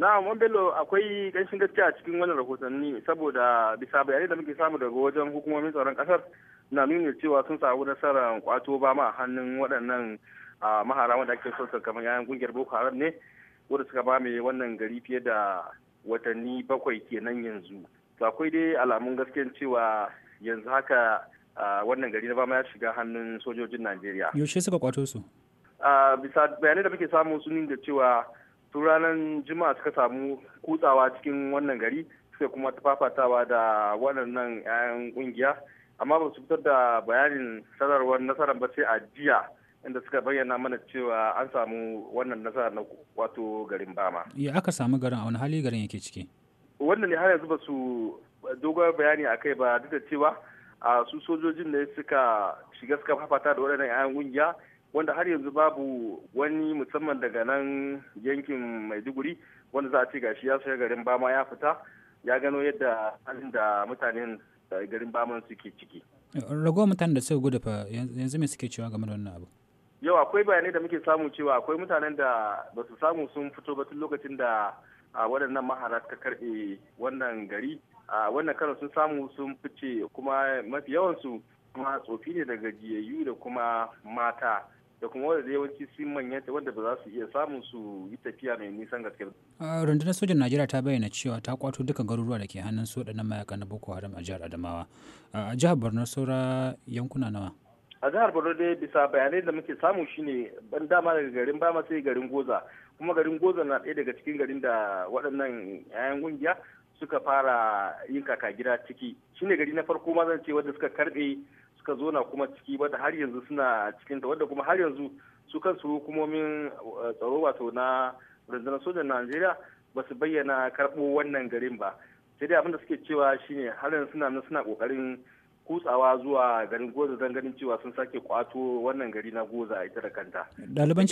na man bello akwai ƙanshin gaskiya a cikin wannan rahotanni saboda bisa bayanai da muke samu daga wajen hukumomin tsaron ƙasar na nuna cewa sun samu nasarar kwato ba ma hannun waɗannan mahara wanda ake sosa kamar yayan kungiyar boko haram ne wanda suka ba mai wannan gari fiye da watanni bakwai kenan yanzu to akwai dai alamun gaskiyan cewa yanzu haka wannan gari na bama ya shiga hannun sojojin najeriya yaushe suka kwato su bisa bayanai da muke samu sun da cewa tun ranar juma'a suka samu kutsawa cikin wannan gari suka kuma fafatawa da waɗannan 'ya'yan ƙungiya amma ba su fitar da bayanin sanarwar nasarar ba sai a jiya inda suka bayyana mana cewa an samu wannan nasara na wato garin bama ya aka samu garin a wani hali garin yake ciki wannan ne har yanzu ba su dogon bayani a kai ba duk da cewa a su sojojin da suka shiga suka fafata da waɗannan 'ya'yan ƙungiya wanda har yanzu babu wani musamman daga nan yankin maiduguri wanda za a ce gashi ya shiga garin bama ya fita ya gano yadda halin da mutanen garin baman suke ciki ragowar mutanen da suka gudu fa yanzu me suke cewa game da wannan abu yau akwai bayanai da muke samu cewa akwai mutanen da ba su samu sun fito ba tun lokacin da waɗannan mahara suka karɓe wannan gari wannan karo sun samu sun fice kuma mafi yawansu kuma tsofi ne daga jiyayyu da kuma mata da kuma wanda yawanci sun manyanta wanda ba za su iya samun su yi tafiya mai nisan gaske ba. rundunar sojan najeriya ta bayyana cewa ta kwato duka garuruwa da ke hannun su waɗannan mayaka na boko haram a jihar adamawa a jihar borno saura yankuna nawa a jihar borno dai bisa bayanai da muke samu shine ban dama daga garin bama sai garin goza kuma garin goza na ɗaya daga cikin garin da waɗannan 'ya'yan ƙungiya suka fara yin kaka gida ciki shine gari na farko ma zan ce wanda suka karɓe suka na kuma ciki wadda har yanzu suna ta wadda kuma har yanzu su kansu hukumomin eh, tsaro wato na rundunar sojan najeriya ba su bayyana karbo wannan garin ba sai dai abinda suke cewa shine har yanzu suna nan suna kokarin kutsawa zuwa garin goza don ganin cewa sun sake kwato wannan gari na goza ita da kanta ɗaliban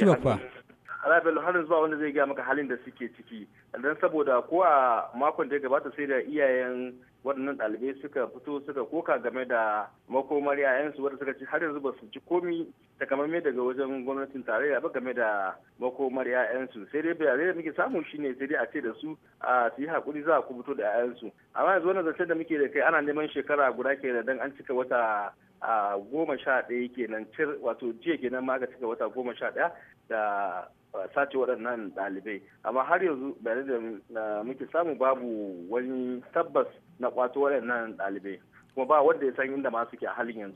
Alabello har yanzu zuwa wanda zai gaya maka halin da suke ciki. Dan saboda ko a makon da ya gabata sai da iyayen waɗannan ɗalibai suka fito suka koka game da makomar yayansu wadda suka ci har yanzu ba su ci komi takamaimai daga wajen gwamnatin tarayya ba game da makomar yayansu sai dai bayanai da muke samu shine sai dai a ce da su a su yi hakuri za a kubuto da yayansu amma yanzu wannan zancen da muke da kai ana neman shekara guda ke da dan an cika wata a goma sha ɗaya kenan cir wato jiya kenan ma da cika wata goma sha ɗaya da uh, sace waɗannan ɗalibai amma har yanzu bayanai da muke samu babu wani tabbas na kwato waɗannan ɗalibai kuma ba wanda ya san inda ma suke a halin yanzu